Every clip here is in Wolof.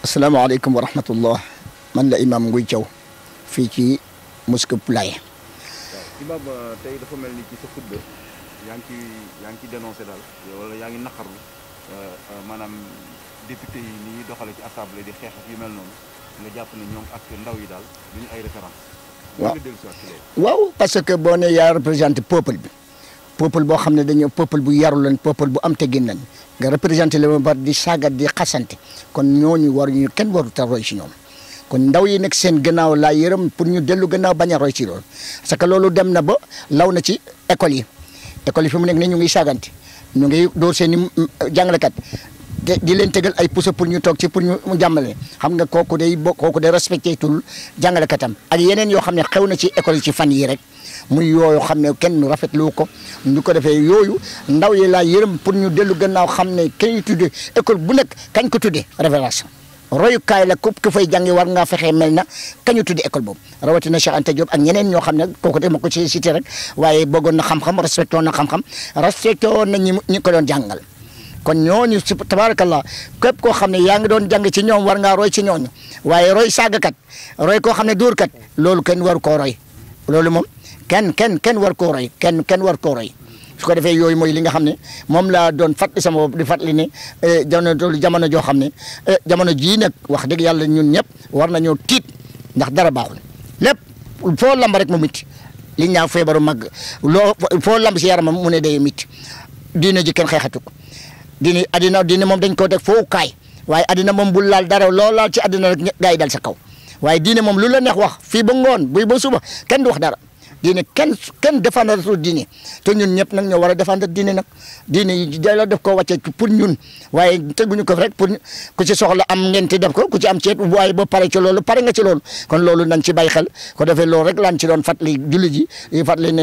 asalaamaaleykum wa rahmatullah man la imaam Nguy Thiaw fii ci mosquée Poulaye. waaw imaam euh, tey dafa mel ni ci sa xutba yaa ngi ci yaa ngi ciy dénoncé daal wala yaa ngi naqar naqarlu euh, euh, maanaam député yi ni ñuy doxale ci assemblée di xeex ak yu mel noonu nga jàpp ne ñoom ak ndaw yi daal duñu ay référence waaw waaw parce que boo ne yaa représenté peuple bi. peuple boo xam ne dañoo peuple bu yaru lan peuple bu am teggin lan nga représenté la ba di saagat di xasante kon ñooñu waruñu kenn waru ta roy si ñoom kon ndaw yi nekk seen gannaaw laa yërëm pour ñu dellu gannaaw bañ a roy ci loolu parce que loolu dem na ba law na ci école yi école yi fi mu nekk ne ñu ngi saagante ñu ngi dóor seen i jàngalekat di leen tegal ay pousse pour ñu toog ci pour ñu jàmmale xam nga kooku day bokk kooku day respecté tul jàngalekatam ak yeneen yoo xam ne xew na ci école ci fan yi rek muy yooyu xam ne kenn rafetlu ko ñu ko defee yooyu ndaw yi laa yërëm pour ñu dellu gannaaw xam ne kañ tudde ecole bu nekk kañ ko tudde révélation royukaay la képp ku fay jàngi war ngaa fexe mel na kañu tudde école boobu rawatina Cheikh Anta Diop ak ñeneen ñoo xam ne kooku de ma ko ci cité rek waaye bëggoon na xam-xam respecté woon na xam-xam respecté woon na ñi ko doon jàngal kon ñooñu su tabarakallah képp koo xam ne yaa ngi doon jàng ci ñoom war ngaa roy ci ñooñu waaye roy kat roy koo xam ne kat loolu kenn waru koo roy loolu moom kenn kenn kenn war koo roy kenn kenn war koo roy su ko defee yooyu mooy li nga xam ne moom laa doon fàttali sama bopp di fàttali ne eh, jamono jamono joo xam ne eh, jamono jii nag wax dëgg yàlla ñun ñëpp war na nañoo tiit ndax dara baaxul lépp foo lamba rek mu mitti li ñu feebaru mag loo foo lamb si yaramam mu ne day mitti diine ji kenn xeexatu dini addina dini moom dañ ko teg foofu kaay waaye addina moom bul laal dara loo laal ci addina rek gaa yi kaw waaye diine moom lu la neex wax fii ba ngoon buy ba suba kenn du wax dara diine kenn kenn défendre diine te ñun ñëpp nag ñoo war a défendre diine nag diine yi delloo def ko wàcce pour ñun waaye teguñu ko rek pour ku soxla am ngenti def ko ku ci am ceet waaye ba pare ci loolu pare nga ci loolu kon loolu nañ ci bàyyi xel ko defee loolu rek laan ci doon fàttali julli ji fàttali ne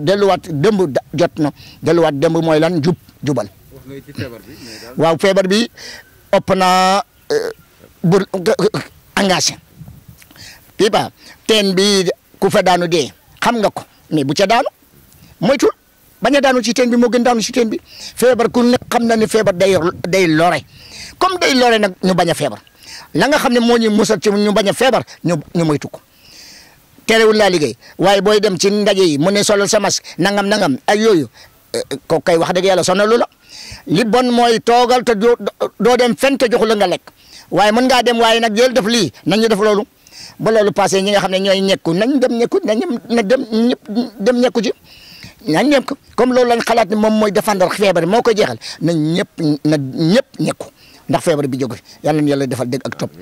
delluwaat dëmb jot na delluwaat dëmb mooy lan jub jubal waaw feebar bi ëpp naa euh, bur ba teen bi ku daanu dee xam nga ko mais bu ca daanu moytul bañ daanu ci teen bi moo gën daanu si teen bi feebar ku nekk xam na ne feebar day day loore comme day lore nag ñu bañ a feebar la nga xam ne moo ñu musal ci ñu baña feebar ñu ñu moytu ko terewul laa liggéey waaye booy dem ci ngaje yi mu ne solal sa nangam nangam ak yooyu ko kay wax dëgg yàlla soon sonalu la li bon mooy toogal te doo dem fen te joxu la nga lekk waaye mën ngaa dem waaye nag jël def lii nan ñu def loolu ba loolu passé ñi nga xam ne ñooy ñekku nañ dem ñekku nañ dem ñëpp dem ñekku ci nañ ñëpp comme loolu lañ xalaat ni moom mooy défendre feebar moo koy jeexal nañ ñëpp na ñëpp ñekku ndax feebar bi jóg fi yàlla na yàlla defal dégg ak topp